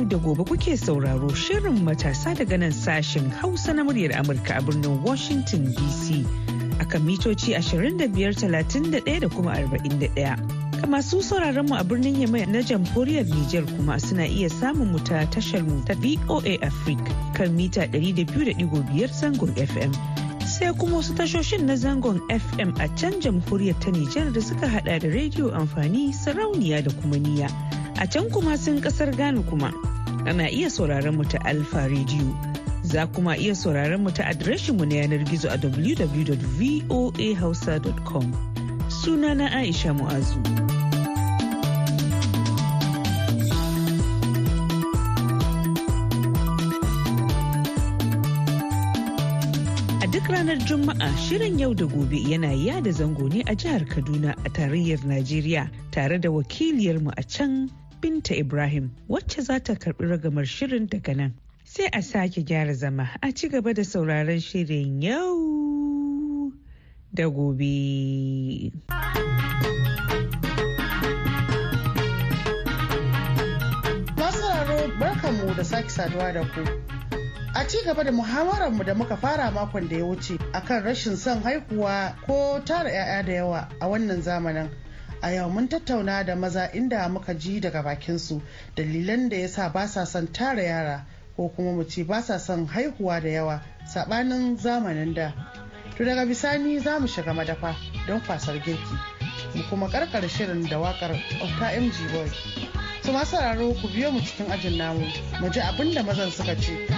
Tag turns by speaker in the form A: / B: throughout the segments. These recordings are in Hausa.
A: yau da gobe kuke sauraro shirin matasa daga nan sashen Hausa na muryar Amurka a birnin Washington DC kan mitoci 25,31 da kuma 41. Kama su sauraron mu a birnin Yamai na jamhuriyar Nijar kuma suna iya samun mu ta tashar mu ta VOA Africa kan mita 200.5 zangon FM. sai kuma wasu tashoshin na zangon FM a can jamhuriyar ta Nijar da suka hada da rediyo amfani sarauniya da kuma niya. A can kuma sun kasar Ghana kuma ana iya sauraron mu ta Alfa Radio. Za kuma iya sauraron mu ta adireshin mu na yanar gizo a www.voahausa.com. suna na Aisha Mu'azu. A duk ranar Juma'a shirin yau da gobe yana yada zango ne a jihar Kaduna a tarayyar Najeriya tare da wakiliyarmu a can Binta Ibrahim wacce za ta karbi ragamar shirin daga nan. Sai a sake gyara zama a ci gaba da sauraron shirin yau da gobe.
B: Masararo barkanmu da sake saduwa da ku. A ci gaba da muhawararmu da muka fara makon da ya wuce akan rashin son haihuwa ko tara 'ya'ya da yawa a wannan zamanin. a yau mun tattauna da maza inda muka ji daga bakinsu dalilan da yasa ba sa son tara yara ko kuma mu ce ba sa son haihuwa da yawa saɓanin zamanin da to daga bisani za mu shiga madafa don kwasar girki mu kuma karkar shirin da wakar auta mg boy su masu ku biyo mu cikin ajin namu mu ji abinda mazan suka ce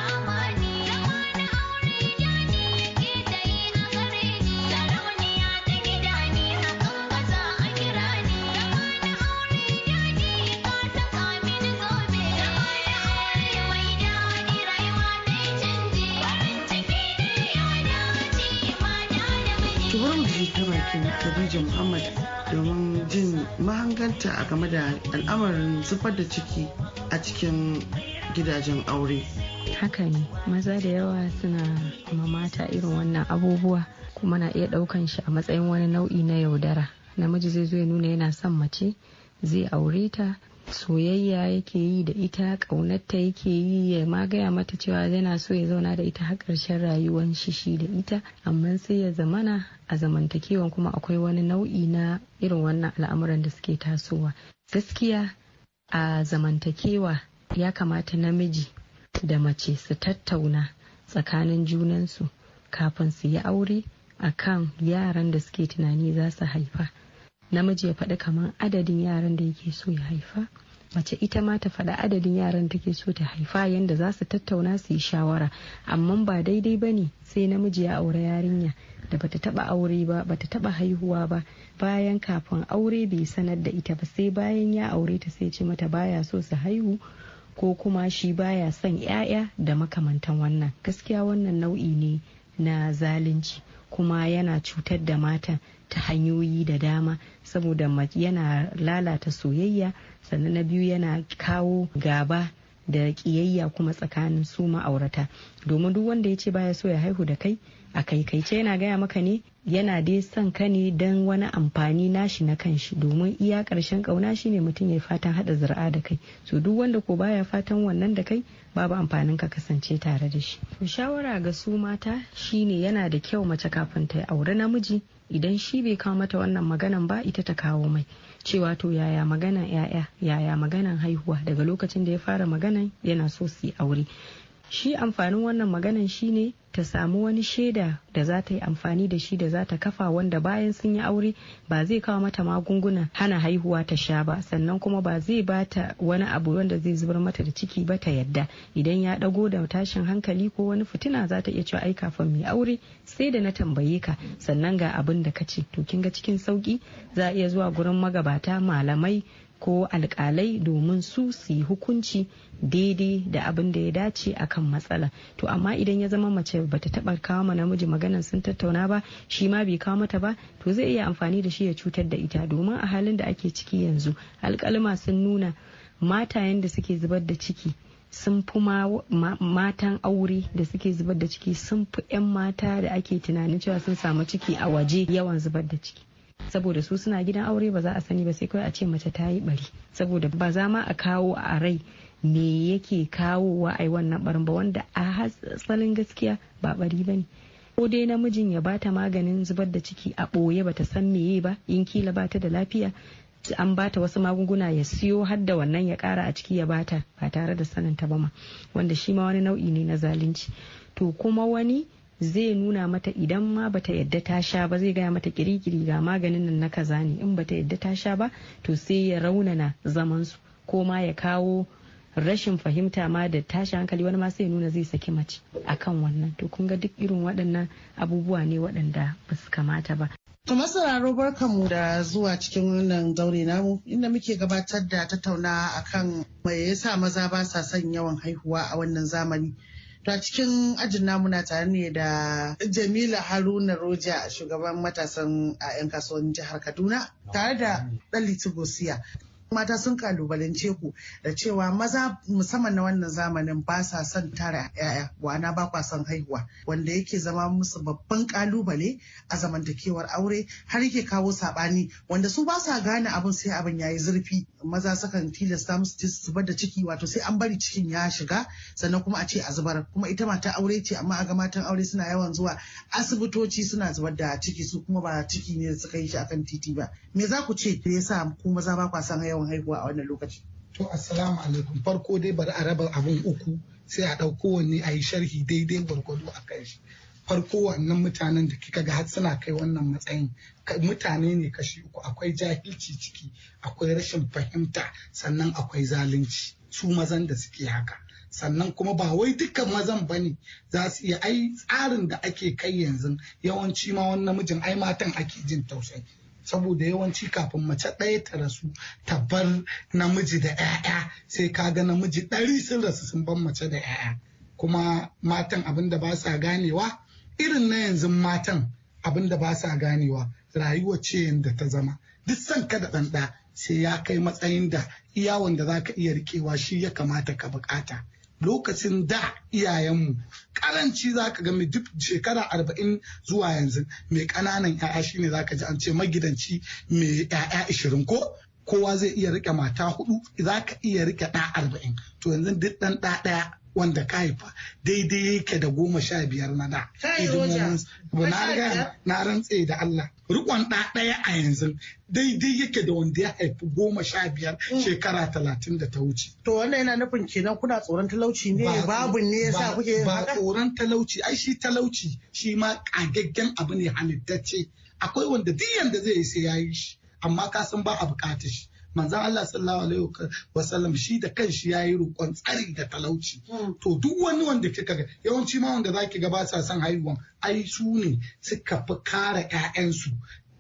B: ji ta bakin Khadija Muhammad domin jin mahanganta a game da al'amarin zubar da ciki a cikin gidajen aure.
C: Haka ne, maza da yawa suna mamata irin wannan abubuwa kuma na iya ɗaukan shi a matsayin wani nau'i na yaudara. Namiji zai zo ya nuna yana son mace, zai aure ta soyayya yake yi da ita ƙaunarta yake yi ya ma gaya mata cewa yana so ya zauna da ita har ƙarshen rayuwan shi shi da ita amma sai ya zamana a zamantakewa kuma akwai wani nau'i na irin wannan al'amuran da suke tasowa gaskiya a zamantakewa ya kamata namiji da mace su tattauna tsakanin junansu kafin su yi aure akan yaran da suke tunani za su haifa namiji ya faɗi kamar adadin yaran da yake so ya haifa mace ita ma ta faɗa adadin yaran take so ta haifa yadda za su tattauna su yi shawara amma ba daidai ba ne sai namiji ya aure yarinya da bata taba aure ba bata taba haihuwa ba bayan kafin aure bai sanar da ita ba sai bayan ya aure ta sai ce mata baya so su haihu ko kuma shi baya son 'ya'ya da makamantan wannan gaskiya wannan nau'i ne na zalunci kuma yana cutar da mata ta hanyoyi da dama saboda yana lalata soyayya sannan na biyu yana kawo gaba da kiyayya kuma tsakanin su ma'aurata domin duk wanda ya ce baya so ya haihu da kai a kaikaice yana gaya maka ne yana dai son ka ne don wani amfani nashi na kanshi domin iya karshen kauna ne mutum ya fatan hada zira'a da kai so duk wanda ko baya fatan wannan da kai babu amfanin ka kasance tare da shi shawara ga su mata shine yana da kyau mace kafin ta aure namiji idan shi bai kawo mata wannan maganan ba ita ta kawo mai cewa to yaya maganan yaya yaya maganan haihuwa daga lokacin da ya fara maganan yana so su yi aure shi amfanin wannan maganan shine ta samu wani shaida da za ta yi amfani da shi da za ta kafa wanda bayan sun yi aure ba zai kawo mata magunguna hana haihuwa ta sha ba sannan kuma ba zai bata wani abu wanda zai zubar mata da ciki ba ta yadda idan ya dago da tashin hankali ko wani fitina za ta iya cewa ai kafin mai aure sai da na tambaye ka sannan ga abin da ka ce to kin ga cikin sauki za a iya zuwa gurin magabata malamai ko alkalai domin su su yi hukunci daidai da abin da ya dace akan matsala to amma idan ya zama mace bata taba kawo ma namiji maganan sun tattauna ba shi ma bai kawo mata ba to zai iya amfani da shi ya cutar da ita domin a halin da ake ciki yanzu alkalma sun nuna mata da suke zubar da ciki sun fi matan aure da suke zubar da ciki sun fi 'yan mata da ake tunanin cewa sun samu ciki a waje yawan zubar da ciki saboda su suna gidan aure ba za a sani ba sai kawai a ce mace ta yi bari saboda ba za ma a kawo a rai me yake kawowa ai wannan barin ba wanda a hasalin gaskiya ba bari ba ne ko dai namijin ya bata maganin zubar da ciki a ɓoye bata san meye ba in kila bata da lafiya an bata wasu magunguna ya siyo har da wannan ya kara a ciki ya bata ba tare da sanin ta ba ma wanda shi ma wani nau'i ne na zalunci to kuma wani zai nuna mata idan ma bata yadda ta sha ba zai gaya mata kirikiri ga maganin nan na kaza ne in bata yadda ta sha ba to sai ya raunana zaman su ko ma ya kawo rashin fahimta ma da tashi hankali wani ma sai nuna zai saki mace akan wannan to kun ga duk irin waɗannan abubuwa ne waɗanda ba su kamata ba
B: To masararo barkanmu da zuwa cikin wannan zaure namu inda muke gabatar da tattauna akan mai yasa maza ba sa son yawan haihuwa a wannan zamani. To a cikin ajin namuna tare ne da Jamila Haruna Roja shugaban matasan a 'yan kasuwan jihar Kaduna tare da Dalitu Gosiya. Mata sun kalubalance ku da cewa maza musamman na wannan zamanin ba sa son tara 'ya'ya wana ba kwa son haihuwa wanda yake zama musu babban kalubale a zamantakewar aure har yake kawo sabani wanda su ba sa gane abin sai abin yayi zurfi maza sukan tilasta musu zubar da ciki wato sai an bari cikin ya shiga sannan kuma a ce a zubar kuma ita mata aure ce amma a ga matan aure suna yawan zuwa asibitoci suna zubar da ciki su kuma ba ciki ne suka yi shi akan titi ba
D: me za ku ce da sa ku maza ba kwa yawan haihuwa a wannan lokaci to assalamu alaikum farko dai bari a raba abun uku sai a ɗauko wani a yi sharhi daidai gwargwado a kan shi farko wannan mutanen da kika ga suna kai wannan matsayin mutane ne kashi uku akwai jahilci ciki akwai rashin fahimta sannan akwai zalunci su mazan da suke haka sannan kuma ba wai dukkan mazan ba ne za su iya ai tsarin da ake kai yanzu yawanci ma wani namijin ai matan ake jin tausayi saboda yawanci kafin mace ɗaya ta rasu ta bar namiji da 'ya'ya sai ka ga namiji ɗari sun rasu sun bar mace da 'ya'ya kuma matan abin da ba sa ganewa irin na yanzu matan abin da ba sa ganewa rayuwa ce yadda ta zama duk san ka da ɗanɗa sai ya kai matsayin da iya da za ka iya rikewa shi ya kamata ka bukata lokacin da iyayenmu karanci za ka ga duk shekara arba'in zuwa yanzu mai ƙananan 'ya'ya shine za ka ji an ce magidanci mai 'ya'ya ashirin ko kowa zai iya rike mata hudu za ka iya rike ɗa arba'in to yanzu duk ɗan ɗa ɗaya wanda ka haifa daidai yake da goma sha biyar na da na rantse da Allah rikon ɗa ɗaya a yanzu daidai yake da wanda ya haifi goma sha biyar mm. shekara talatin da ta wuce. To wannan yana nufin kenan kuna tsoron talauci ne babu ne ya sa kuke yin Ba tsoron talauci ai shi talauci shi ma ƙagaggen abu ne halittacce akwai wanda duk yanda zai yi sai ya yi shi amma ka san ba a buƙatar shi manzan Allah sallallahu alaihi wasallam shi da kanshi ya yi roƙon tsari da talauci hmm. to duk wani wanda kika ga yawanci ma wanda zaki ga ba sa son haihuwan ai su ne suka fi kare ƴaƴansu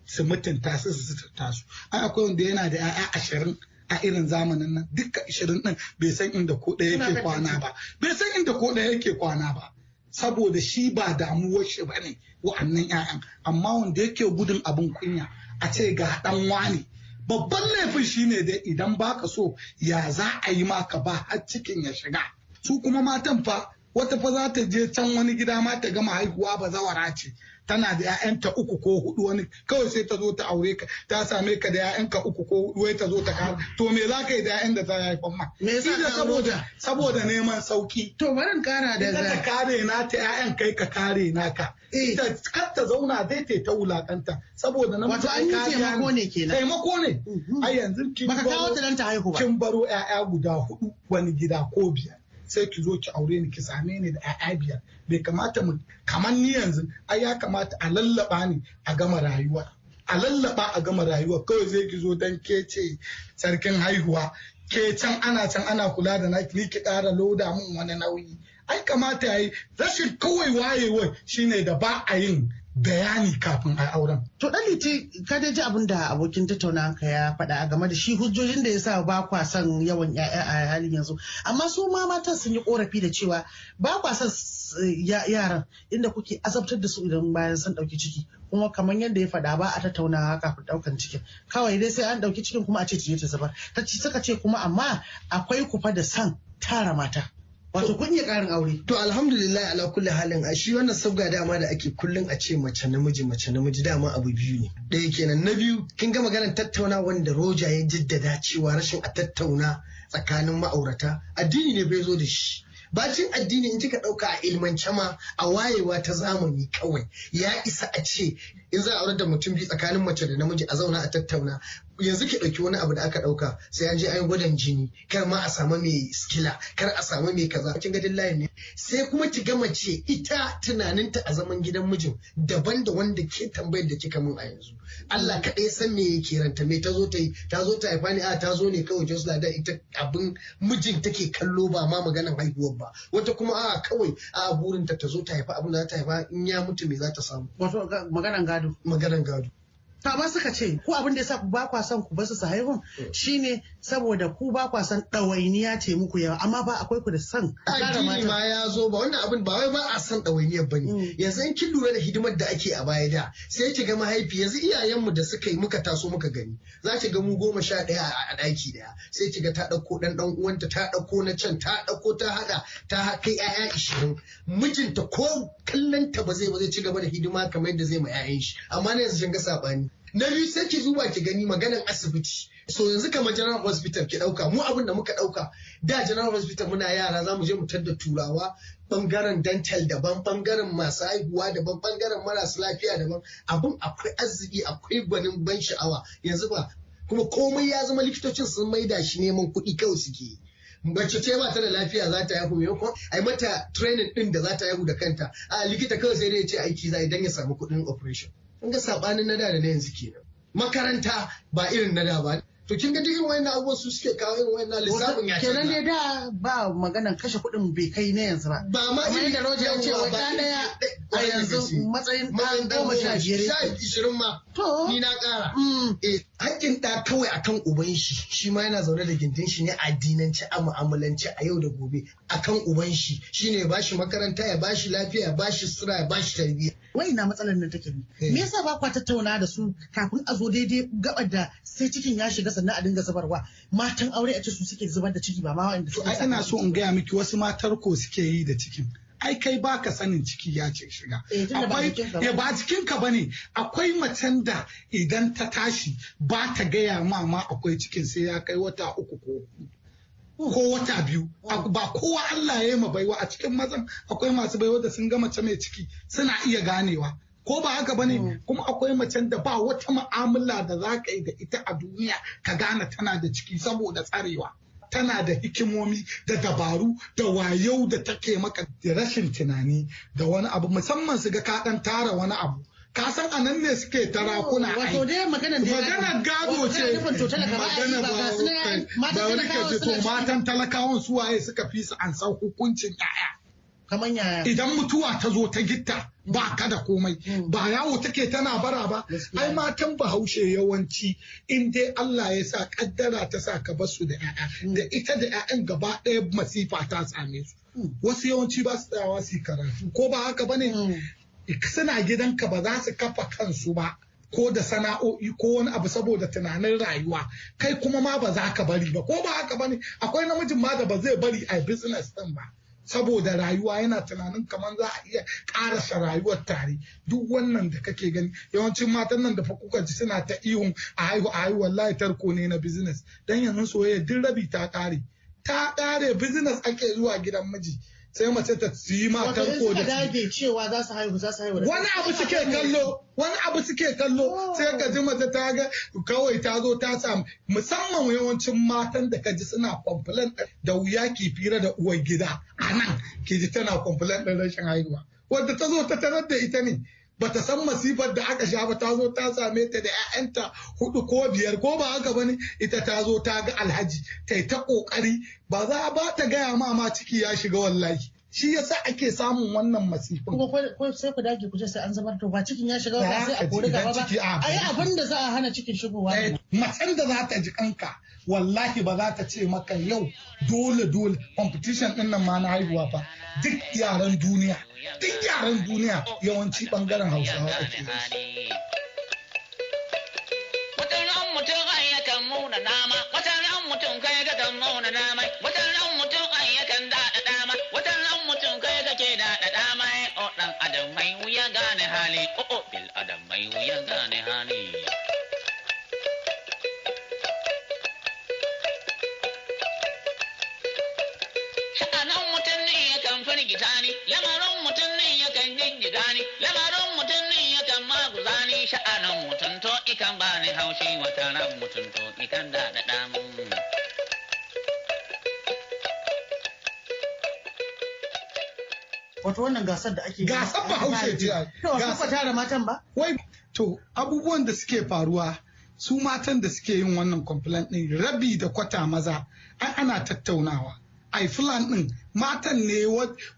D: su mutunta su su mutunta su ai akwai wanda yana da ƴaƴa ashirin a irin zamanin nan duka ashirin din bai san inda ko ɗaya yake kwana ba bai san inda ko ɗaya yake kwana ba saboda shi ba damuwar shi bane wa'annan ƴaƴan. amma wanda yake gudun abin kunya a ce ga ɗan wani babban laifin shine dai idan ba ka so ya za a yi maka ba har cikin ya shiga su kuma matan fa wata fa za ta je can wani gida ma ta gama haihuwa ba zawara ce tana da 'ya'yanta uku ko hudu wani kawai sai ta zo ta aure ka ta same ka da 'ya'yanka uku ko hudu wai ta zo ta kara to me za ka yi da 'ya'yan da ta haifan ma me za ka saboda saboda neman sauki to barin kara da za ka kare na ta 'ya'yan kai ka kare eh. ka. ita kar ta zauna dai ta ta wulakanta saboda nan wato an yi taimako ne kenan taimako ne mhm. ai yanzu kin baro ta dan ta haihu ba kin baro 'ya'ya guda hudu wani gida ko biyar sai ki zo ki aure ni ki same ni da 'ya'ya biyar bai kamata mu kamar ni yanzu ai ya kamata a lallaba ni a gama rayuwa a lallaba a gama rayuwa kawai zai ki zo dan ke ce sarkin haihuwa ke can ana can ana kula da naki ni ki ƙara loda min wani nauyi ai kamata yayi rashin kawai wayewar shine da ba a yin bayani kafin a auren.
B: To ɗan liti ka dai ji abin da abokin ka ya faɗa game da shi hujjojin da ya sa ba kwa son yawan ya'ya a halin yanzu. Amma su ma matan sun yi korafi da cewa ba kwa son yaran inda kuke azabtar da su idan bayan sun ɗauki ciki. Kuma kamar yadda ya faɗa ba a tattaunawa kafin ɗaukan cikin. Kawai dai sai an ɗauki cikin kuma a ce ta zubar. Ta suka ce kuma amma akwai kufa da son tara mata. wato kun iya karin aure to alhamdulillah ala kulli halin a shi wannan sabga
E: dama da ake kullun a ce mace namiji mace namiji dama abu biyu ne ɗaya kenan na biyu kin ga maganar tattauna wanda roja ya jaddada cewa rashin a tattauna tsakanin ma'aurata addini ne bai zo da shi bacin addini in kika ɗauka a ilmance ma a wayewa ta zamani kawai ya isa a ce in za a aurar da mutum biyu tsakanin mace da namiji a zauna a tattauna yanzu ke ɗauki wani abu da aka ɗauka sai an je an yi jini kar ma a samu mai skila kar a samu mai kaza kin ga layin ne sai kuma ki ga mace ita tunaninta a zaman gidan mijin daban da wanda ke tambayar da kika mun a yanzu Allah kaɗai san me yake ranta me ta zo ta yi ta zo ta haifa ne a ta zo ne kawai jos da ita abin mijin take kallo ba ma maganar haihuwar ba wata kuma a kawai a burinta ta zo ta haifa abin da za ta haifa in
B: ya mutu me za ta samu wato maganar gado ta ba suka ce ku abin da ya sa ku ba kwa son ku basu su Shi ne saboda ku ba kwa son ɗawainiya ce muku yawa amma ba akwai ku da son addini ma ya zo ba wannan abin ba wai ba a son ɗawainiyar bane mm. yanzu
E: in kin lura da hidimar da ake a baya da sai ki ga mahaifi yanzu iyayenmu da suka yi muka taso muka gani za ki ga mu goma sha ɗaya a ɗaki ɗaya sai ki ga ta ɗauko ɗan ɗan uwanta ta ɗauko na can ta ɗauko ta haɗa ta kai ƴaƴa ishirin mijinta ko kallon ta ba zai ba zai ci gaba da hidima kamar yadda zai ma 'ya'yan shi amma na yanzu kin ga saɓani na biyu sai ki zuwa ki gani maganan asibiti so yanzu kamar general hospital ki dauka mu abin da muka dauka da general hospital muna yara za mu je mu tadda turawa bangaren dental daban bangaren masu haihuwa daban bangaren marasa lafiya daban abin akwai arziki akwai gwanin ban sha'awa yanzu ba kuma komai ya zama likitocin sun maida shi neman kuɗi kawai suke yi ce ba ta da lafiya za ta haihu maimakon a yi mata training din da za ta yahu da kanta a likita kawai sai dai ya ce aiki za idan ya samu kuɗin operation ga sabanin na da da na yanzu kenan makaranta ba irin na da ba to kin ga duk irin wayannan abubuwan su suke kawo irin wayannan lissafin ya kenan ne da
B: ba maganan kashe kuɗin bai kai na yanzu ba ba ma irin da roje ya ce wa ne a yanzu matsayin ɗan goma sha biyar sha
E: ishirin ma to ni na ƙara
B: mm. eh
E: hakkin ɗa kawai akan uban shi shi ma yana zaune da gindin shi ne addinanci a mu'amalanci a yau da gobe akan uban shi shine ya bashi makaranta ya bashi lafiya ya bashi sura ya bashi
B: tarbiyya wai na matsalar nan take ne eh. me yasa ba kwa tattauna da su kafin a zo daidai gabar da sai cikin ya shiga sannan a dinga zubarwa matan aure a ce su suke zubar da ciki ba ma wanda su
D: ai ina so in gaya miki wasu matar ko suke yi da cikin ai kai baka sanin ciki ya ce shiga
E: eh, akwai ya ba
D: cikin eh, ka bane akwai macen da idan ta tashi ba ta gaya ma ma akwai cikin sai ya kai wata uku ko ko wata biyu mm. ba kowa Allah ya yi ma baiwa a cikin mazan akwai masu baiwa da sun ga mace mai ciki suna iya ganewa ko ba haka bane mm. kuma akwai macen da ba wata mu'amala da za ka yi da ita a duniya ka gane tana da ciki saboda tsarewa tana da hikimomi da dabaru da wayo da take maka da rashin tunani da wani abu musamman su ga ka tara wani abu Kasan san a nan ne suke tarakuna ai magana gado ce magana ba wani ke ce to matan talakawan suwaye suka fi su an san hukuncin yaya idan mutuwa ta zo ta gitta ba hmm. ka da komai hmm. ba yawo take tana bara ba ai matan bahaushe yawanci in dai Allah ya sa kaddara ta sa ka basu da yaya hmm. da ita da yayan gaba ɗaya masifa ta same su wasu yawanci ba su tsayawa su karatu ko ba haka bane suna gidanka ba za su kafa kansu ba ko da sana'o'i ko wani abu saboda tunanin rayuwa kai kuma ma ba za ka bari ba ko ba haka bane akwai namijin ma da ba zai bari a business din ba saboda rayuwa yana tunanin kamar za a iya karasa rayuwar tare duk wannan da kake gani yawancin matan nan da fakuka kuka ji suna ta ihun a haihu a haihu wallahi tarko ne na business dan yanzu soyayya duk rabi ta kare ta kare business ake zuwa gidan miji sai mace ta yi ma ko da
B: ke cewa za su haihu za su haihu wani abu suke kallo
D: wani abu suke kallo sai ka ji mace ta ga kawai ta zo ta samu musamman yawancin matan da ka ji suna kwamfilan da wuya ke fira da uwar gida a nan ke ji tana kwamfilan da rashin haihuwa wanda ta zo ta tarar da ita ne bata san masifar da aka sha ba ta zo ta same ta da 'ya'yanta hudu ko biyar ko ba haka bane ita ta zo ta ga alhaji ta ta kokari ba za a ba ta gaya ma ma ciki ya shiga wallahi shi yasa ake samun wannan masifin ko sai ku dage ku ce sai an zabar to ba cikin ya shiga ba sai a kore gaba ba ai abin da za a hana cikin shigowa eh, matsan da za ta ji kanka wallahi ba za ka ce maka yau dole dole competition din nan ma na haihuwa fa duk yaren duniya duk yaren duniya yawanci bangaren hausawa ake
A: yi mutum ai yakan muna nama wata ran mutum kai kan ran mutum daɗa dama ran mutum kai ke daɗa dama eh, o oh, adam mai wuya gane hali oh, oh, bil adam mai wuya gane hali firgita ni lamarin mutum ɗin yakan jijjiga ni lamarin mutum ya yakan maguza ni sha'anin mutum to ikan ba ni haushi wata ran mutum to ikan da da damun
D: wato wannan gasar da ake gasar ba haushe ce
B: gasar ta da matan
D: ba wai to abubuwan da suke faruwa su matan da suke yin wannan complaint din rabi da kwata maza an ana tattaunawa ai fulan din matan ne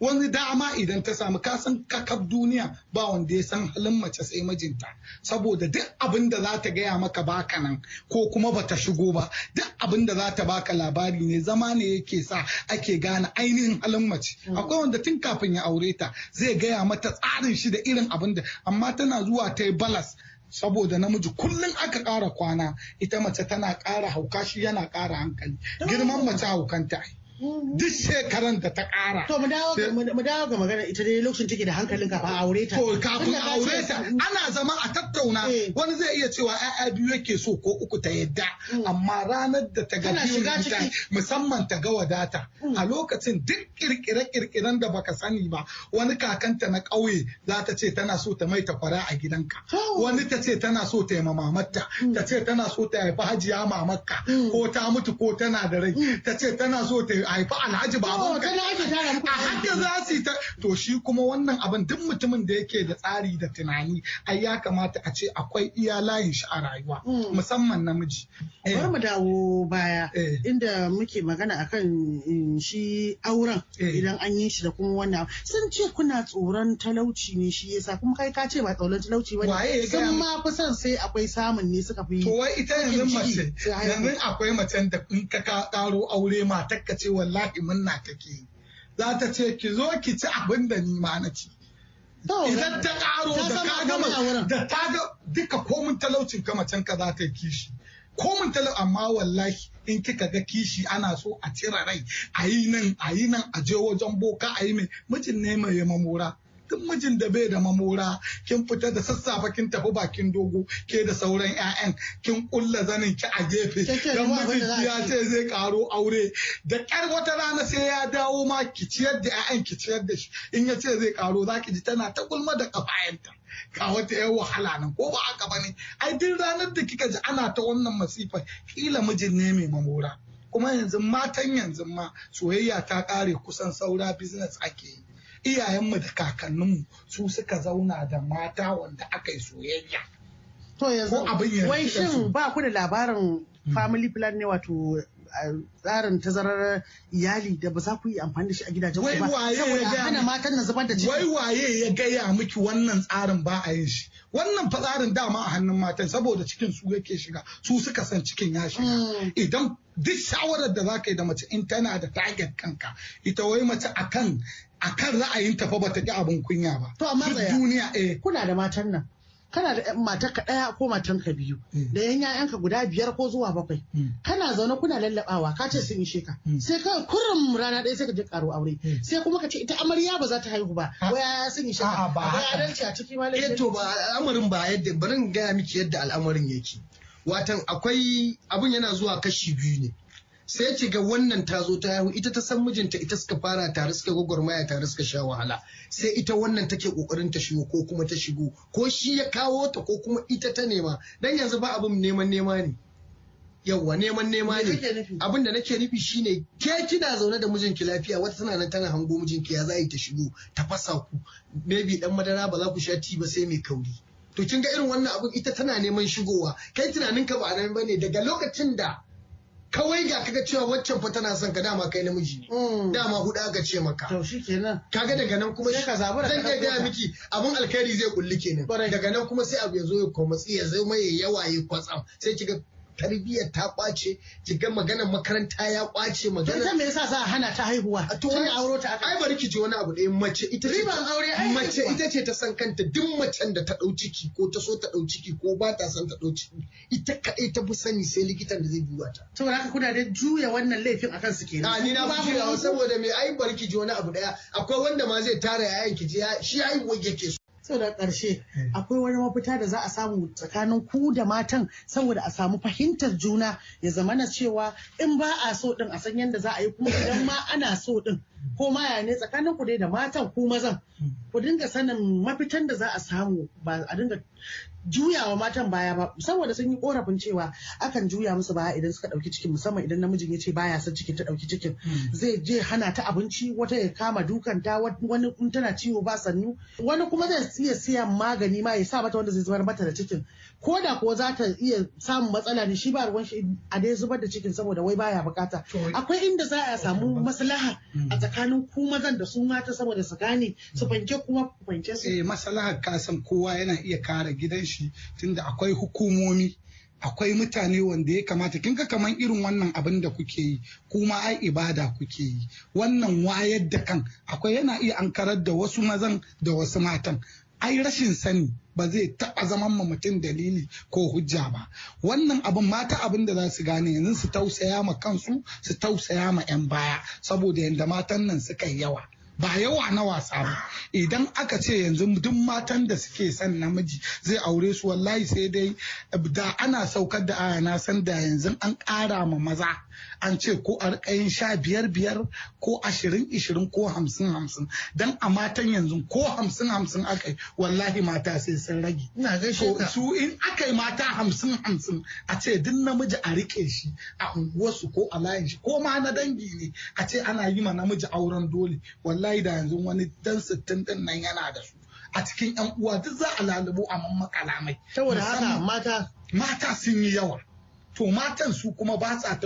D: wani dama idan ta samu kasan kakab duniya ba wanda ya san halin mace sai mijinta saboda duk abin da za ta gaya maka baka nan ko kuma ba ta shigo ba duk abin da za ta baka labari ne zama ne yake sa ake gane ainihin halin mace mm. akwai wanda tun kafin ya aure ta zai gaya mata tsarin shi da irin abin da amma tana zuwa ta yi balas saboda namiji kullum aka kara kwana ita mace tana kara hauka shi yana kara hankali girman mace haukanta ai duk shekaran da ta kara. To mu dawo ga magana ita dai lokacin take da hankalin kafin aure ta. To kafin aure ta ana zama a tattauna eh. wani zai iya cewa ‘ya'ya biyu yake so ko uku ta yadda hmm. amma ranar da ta ga biyu musamman ta ga wadata hmm. a lokacin duk kirkire-kirkiren da baka sani ba wani kakanta na ƙauye za ta ce tana so ta mai ta fara a gidanka wani ta ce tana so ta yi mamatta. Hmm. ta ce tana so ta haifi hajiya mamakka ko ta mutu ko tana da rai ta ce tana so ta yi haifi alhaji ba oh, a haka za su yi ta to shi kuma wannan abin duk mutumin da yake da tsari da tunani ai ya kamata a ce akwai iya layin shi a rayuwa hmm. musamman namiji eh. bari mu dawo baya eh. inda muke magana akan mm, shi
B: auren eh. idan an yi shi da kuma wannan sun ce kuna tsoron talauci ne shi yasa kuma
D: kai ka ce ba tsoron talauci ba ne sun ma
B: fi son sai akwai samun ne suka fi to wai ita yanzu mace yanzu
D: akwai macen da in ka karo aure matar ka ce wallahi munna kake za ta ce ki zo ki ci abin da ni ma na ci idan ta karo da ka da ta ga duka komin talaucin ka macen ka za ta yi kishi komin talau amma wallahi in kika ga kishi ana so a cire rai a yi nan a yi nan a je wajen boka a yi mai mijin ne mai mamura duk mijin da bai da mamora kin fita da sassafe kin tafi bakin dogo ke da sauran 'ya'yan kin kulla zanin ki a gefe mijin ya ce zai karo aure da ƙar wata rana sai ya dawo ma ki ciyar da 'ya'yan ki ciyar da shi in ya ce zai karo za ki ji tana ta gulma da kafayenta ga wata yan wahala nan ko ba haka bane ai duk ranar da kika ji ana ta wannan masifa kila mijin ne mai mamora kuma yanzu matan yanzu ma soyayya ta kare kusan saura business ake yi iyayenmu da kakanninmu su suka zauna da mata wanda aka yi soyayya to yanzu wai shin
B: ba ku da labarin hmm. family plan ne wato tsarin tazarar iyali da ba za ku
D: yi amfani da shi a gidajen ku ba wai waye ya gaya miki wannan tsarin ba a yin shi wannan fatsarin dama a hannun matan saboda cikin su yake shiga su suka san cikin ya shiga mm. idan duk shawarar da za ka yi da mace in tana da target kanka ita wai mace akan akan ra'ayinta fa bata ji abin kunya ba to amma duniya eh kuna da matan nan kana da mata ka ɗaya ko ka biyu mm. da yan yayanka guda biyar
B: ko zuwa bakwai mm. kana zaune kuna lallabawa ka ce sun ishe ka mm. sai kawai kurum rana ɗaya sai ka je karo aure sai kuma ka ce ita amarya ba za ta haihu ba waya sun ishe ka ba adalci a ciki ma eh to ba al'amarin
E: ba yadda barin gaya miki yadda al'amarin yake watan akwai abun yana zuwa kashi biyu ne sai ce ga wannan ta zo ta yahu, ita ta san mijinta ita suka fara tare suka gwagwarmaya tare suka sha wahala sai ita wannan take kokarin ta shigo ko kuma ta shigo ko shi ya kawo ta ko kuma ita ta nema dan yanzu ba abin neman nema ne yawwa neman nema ne abin da nake nufi shine ke kina zaune da mijinki lafiya wata tana nan tana hango mijinki ya za ta shigo ta fasa ku maybe dan madara ba za ku sha ti ba sai mai kauri to kin ga irin wannan abin ita tana neman shigowa kai tunanin ka ba nan bane daga lokacin da kawai ga kaga cewa waccan fa tana son ka dama kai namiji ne mm. dama hudu aka ce maka to shikenan kaga daga nan kuma ka ga ga miki abun alkhairi zai kulli kenan daga nan kuma sai abu ya zo ya komatsi ya zama ya yawa kwatsam sai kiga tarbiyyar ta kwace ki ga makaranta ya kwace magana ita me yasa za a
B: hana ta haihuwa to wani
E: auro ta aka ai bari ki ji wani abu ɗaya mace ita ce riban aure ai mace ita ce ta san kanta duk macen da ta ɗau ciki ko ta so ta ɗau ciki ko ba ta son ta ɗau ciki ita kadai ta fi sani sai likitan da zai duba ta to haka kuna da juya wannan laifin akan su kenan a ni na fi juyawa saboda me ai bari ki ji wani abu daya, akwai wanda ma zai tara yayan ki ji shi haihuwa yake so so da
B: ƙarshe eh. akwai wani mafita da za a samu tsakanin ku da matan saboda a samu fahimtar juna ya zamana cewa in ba a so din a san yadda za a yi kuma idan ma ana so din ko ma ya ne tsakanin ku dai da matan ku mazan hmm. ku dinga sanin mafitan da za a samu ba a dinga juyawa matan baya ba saboda sun yi korafin cewa akan juya musu baya idan suka dauki cikin musamman idan namijin ya ce baya son cikin ta dauki cikin hmm. zai je hana ta abinci wata ya kama dukan ta wani in tana ciwo ba sannu wani kuma zai iya siya magani ma ya sa mata wanda zai zubar mata da cikin ko da ko za ta iya samun matsala ne shi ba ruwan shi a dai zubar da cikin saboda wai baya bukata akwai inda za a samu hmm. maslaha
D: a tsakanin ku mazan da su mata saboda su gane su hmm. fanke kuma fanke su eh maslaha ka kowa yana iya kare gidan shi shi tunda akwai hukumomi akwai mutane wanda ya kamata kin ga kaman irin wannan abin da kuke yi kuma ai ibada kuke yi wannan wayar da kan akwai yana iya ankarar da wasu mazan da wasu matan ai rashin sani ba zai taɓa zaman ma mutum dalili ko hujja ba wannan abin mata abin da za su gane yanzu su tausaya ma kansu su tausaya ma 'yan baya saboda yadda matan nan suka yawa ba yawa na wasa ba idan aka ce yanzu duk matan da suke son namiji zai aure su wallahi sai dai da ana saukar da ayana na san da yanzu an ƙara ma maza an ce ko a rikayin sha biyar biyar ko ashirin ishirin ko hamsin hamsin dan a matan yanzu ko hamsin hamsin aka yi wallahi mata sai sun rage su in aka yi mata hamsin hamsin a ce duk namiji a rike shi a unguwarsu ko a layin shi ko ma na dangi ne a ce ana yi ma namiji auren dole wallahi da yanzu wani dan sittin din nan yana da su a cikin yan uwa duk za a lalubo a mamma kalamai. saboda haka mata mata sun yi yawa to matan su kuma ba sa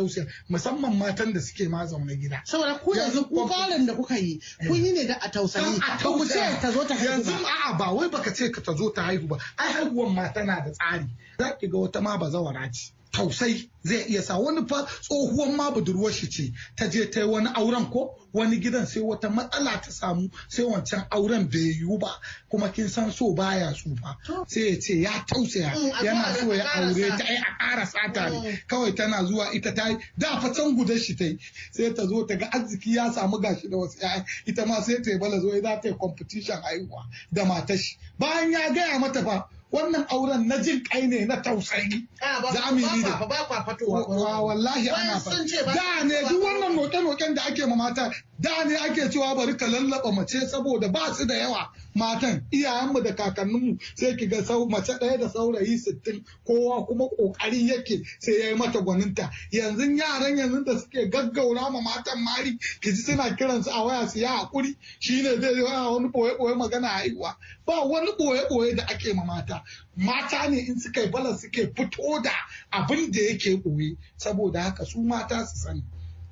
D: musamman matan da suke ma zaune gida saboda ku yanzu ku da kuka yi kun yi ne da a tausayi ba ku ce ta zo ta haihu yanzu a'a ba wai baka ce ka ta zo ta haihu ba ai haihuwan ma tana da tsari za ki ga wata ma ba bazawara ce tausai zai iya sa wani fa tsohuwan ma budurwar shi ce ta je ta yi wani auren ko wani gidan sai wata matsala ta samu sai wancan auren bai yiwu ba kuma kin san so baya tsufa sai ya ce ya tausaya mm, yana so ya aure ta ai a ƙara sata ne mm. kawai tana zuwa ita ta yi da fa can guda shi ta yi sai ta zo ta ga arziki ya samu gashi da wasu ya'ya ita ma sai ta yi bala zo za ta yi competition haihuwa da matar shi bayan ya gaya mata fa wannan auren na jin kai ne na tausayi za mu yi da wa wallahi ana fa da ne duk wannan noke-noken da ake ma mata da ne ake cewa bari ka lallaba mace saboda ba su da yawa matan iyayenmu da kakanninmu sai ki ga sau mace ɗaya da saurayi sittin kowa kuma ƙoƙari yake sai ya yi mata gwaninta yanzu yaran yanzu da suke gaggaura ma matan mari ki ji suna kiransu a waya su ya haƙuri shine zai yana wani ɓoye-ɓoye magana haihuwa ba wani ɓoye-ɓoye da ake ma mata mata ne in suka yi bala suke fito da abin da yake ɓoye saboda haka su mata su sani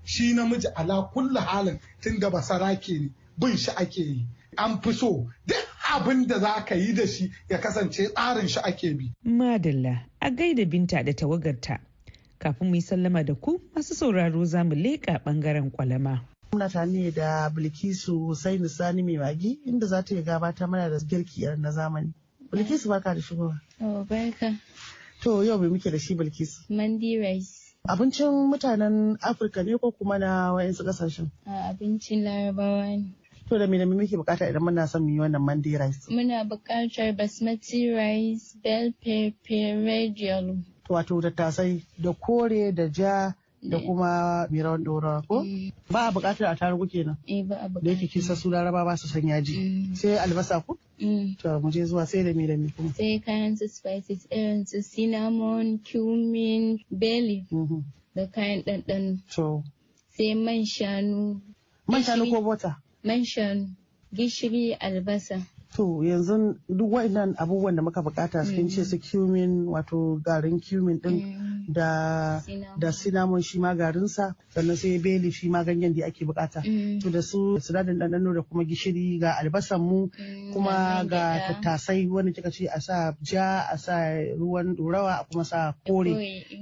D: shi namiji ala kulli halin tun basara ke ne bin shi ake yi an fi so duk abin da za ka yi da shi ya kasance tsarin shi ake bi.
A: Madalla a gaida binta da tawagarta. Kafin mu yi sallama da ku masu sauraro za mu leƙa ɓangaren kwalama. Muna ne
B: da Bilkisu Hussain Sani mai magi inda za ta yi gabata mana da girki na zamani. Bilkisu barka da shigowa.
F: Oh, barka.
B: To yau bai muke da shi Bilkisu?
F: Mandi rice.
B: Abincin mutanen Afirka ne ko kuma na wayansu kasashen?
F: Abincin Larabawa ne.
B: To da me muke bukata idan muna son mu yi wannan Monday rice?
F: Muna bukatar basmati rice, bell pepper, red yellow.
B: Wato tattasai da kore da ja da kuma miran dora ko ba a bukatar eh, a tarugu kenan da yake kisa su laraba ba su san yaji mm. sai albasa ko mm. to mu je zuwa sai da me da me kuma
F: sai kayan su spices irin su cinnamon cumin belly mm-hmm. da kayan ɗanɗano sai man shanu man shanu ko bota mention gishiri albasa
B: to yanzu duk wa'annan abubuwan da muka bukata su ce mm. su cumin wato garin cumin din mm. da da cinnamon shi ma garinsa sannan sai beli shi ma ganyen da ake bukata mm. to da su sinadarin ɗanɗano da kuma gishiri ga albasan mu kuma ga tattasai wani kika ce a sa ja a sa ruwan dorawa a kuma sa kore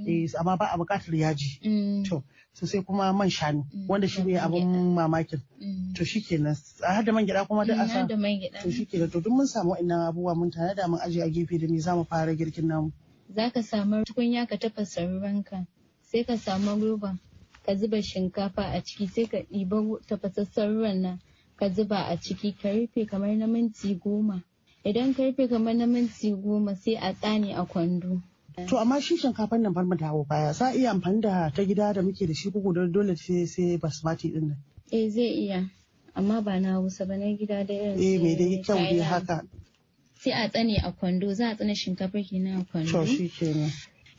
B: eh, amma ba a bukatar yaji to so sai kuma man shanu mm, wanda shi ne abin mamakin mm. to shikenan a hada man gida kuma duk asa
F: mm, to shikenan
B: to duk mun samu wa'annan abubuwa mun tare da mun aje a gefe da me zamu fara girkin namu
F: zaka samu tukunya ka tafasa ruwanka sai ka samu roba ka zuba shinkafa a ciki sai ka ɗiba tafasassan ruwan na ka zuba a ciki ka rufe kamar na minti goma idan ka rufe kamar na minti goma sai a tsane a kwando
B: To amma shi shinkafan nan bar mu dawo baya za iya amfani da ta gida da muke da shi ko da dole sai sai basmati din nan.
F: Eh zai iya amma ba na Hausa ba na gida da irin Eh me dai kyau dai haka. Sai a tsane a kwando za a tsane shinkafa kenan a kwando. To shi kenan.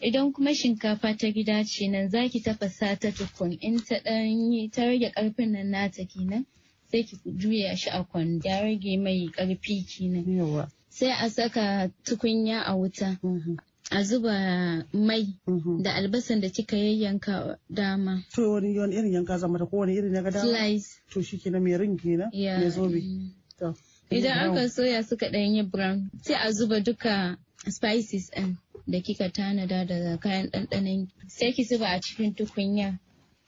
F: Idan kuma shinkafa ta gida ce nan za ki tafasa ta tukun in ta ɗan yi ta rage ƙarfin nan nata kenan sai ki juya shi a kwando ya rage mai karfi kenan. Sai a saka tukunya a wuta. Mm-hmm. a zuba mai mhm. da albasan da kika yayyanka dama. To wani wani irin yanka zama da kowane irin yaga dama. Slice. To shi
B: kenan mai rin kenan. Mai zobe. Mm. Idan aka
F: soya suka ɗan yi brown sai a zuba duka spices ɗin da kika tanada da kayan ɗanɗanon sai ki zuba a cikin tukunya.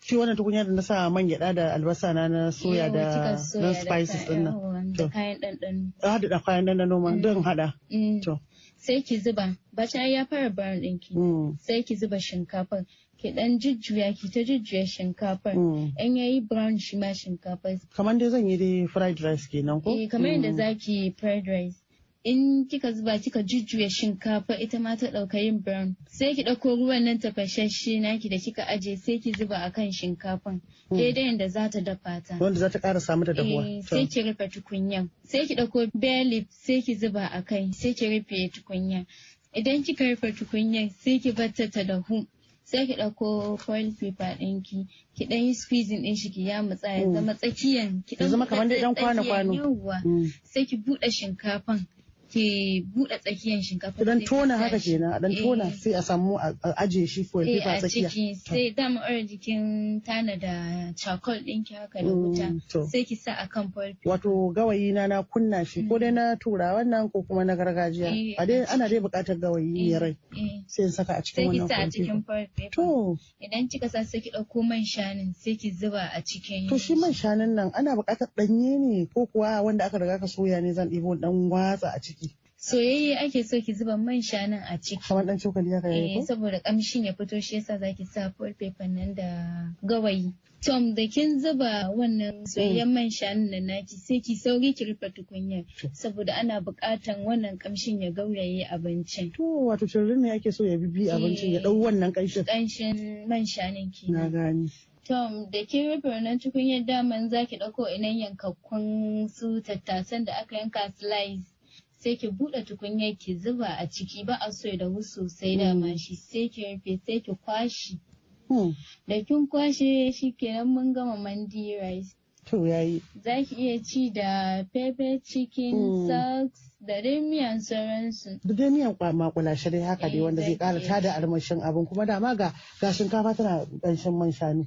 B: Shi wannan tukunya da na sa man gyaɗa da albasa na na soya da spices ɗin nan.
F: Da kayan ɗanɗano.
B: Haɗa kayan ɗanɗano ma don haɗa.
F: Mm. To. sai ki zuba bacin ya fara ɗin ki. Mm. sai ki zuba shinkafar ki dan jujjuya ki ta jujjuya shinkafar mm. in yayi brown shi ma shinkafar
B: kamar dai zan yi dai fried rice kenan ko eh kamar yadda mm.
F: zaki fried rice in kika zuba kika jujjuya shinkafa ita ma ta ɗauka yin brown sai ki ɗauko ruwan nan tafashashe naki da kika aje sai ki zuba a kan shinkafan daidai hmm. yadda za ta dafa ta wanda za ta ƙara samu ta dahuwa eh, sai ki rufe tukunyan sai ki ɗauko bay leaf sai ki zuba a kai sai ki rufe tukunyan idan kika rufe tukunyan sai ki batta ta dahu sai ki ɗauko foil paper ɗinki ki ɗan yi squeezing ɗin shi ki ya matsa ya hmm. zama tsakiyan ki ɗan zama ɗan kwano kwano hmm. sai ki buɗe shinkafan ke buɗe tsakiyar shinkafa. Dan tona haka kenan, a dan tona eh.
B: sai a samu a ajiye shi foil eh, paper tsakiya. a ciki sai
F: dama ɗan jikin tana da charcoal ki haka da mm, wuta sai ki sa akan foil
B: paper. Wato gawayi na na kunna shi ko dai na mm. tura wannan ko kuma na gargajiya. Eh, a dai ana dai buƙatar gawayi ne rai. Sai in saka a cikin wannan foil paper. Sai ki sa a cikin foil paper. To.
F: Idan kika sa sai ki ɗauko man shanin sai ki zuba a cikin. To shi
B: man shanin nan ana buƙatar ɗanye ne ko kuwa wanda aka riga ka soya ne zan ɗibo ɗan watsa a ciki.
F: soyayye ake so ki zuba man shanun a ciki kamar dan cokali haka yayi ko eh, saboda kamshin ya fito shi yasa zaki sa full paper nan da gawayi tom da kin zuba wannan soyayyen mm. man shanun nan naki sai ki sauri ki rufe tukunyar saboda ana buƙatan wannan kamshin ya gauraye abincin to wato shirin ne ake so ya bibi eh, abincin ya dau wannan kanshin kanshin man shanun ki na gani Tom, da ke rufe wannan tukunyar daman zaki ɗauko inan yankakkun su tattasan da aka yanka slice sai ki buɗe tukunya ki zuba a ciki ba a so ya dahu sosai da hmm. ma shi. sai ki rufe sai ki kwashi hmm. da kin kwashe shi kenan mun gama mandi rice to yayi za ki iya ci da pepper chicken hmm. socks da dai miyan sauransu
B: da dai miyan makula shirin haka dai eh, wanda zai kara tada armashin abin kuma dama ga ga shinkafa tana ƙanshin man shanu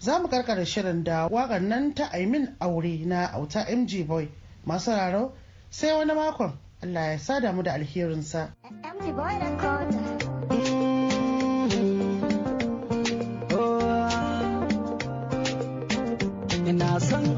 B: za mu karkara shirin da wakar nan ta aimin aure na auta mg boy masu raro sai wani makon Allah ya sada mu da alherinsa. Ina son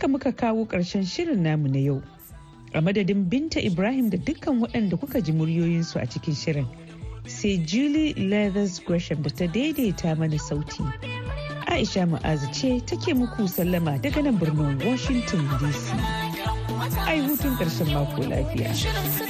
A: haka muka kawo ƙarshen shirin namu na yau. A madadin Binta Ibrahim da dukkan waɗanda kuka ji muryoyinsu a cikin shirin. Sai Julie Leathers Gresham da ta daidaita mana sauti. Aisha Ma'azu ce take muku sallama daga nan birnin Washington DC. Ai hutun ƙarshen mako lafiya.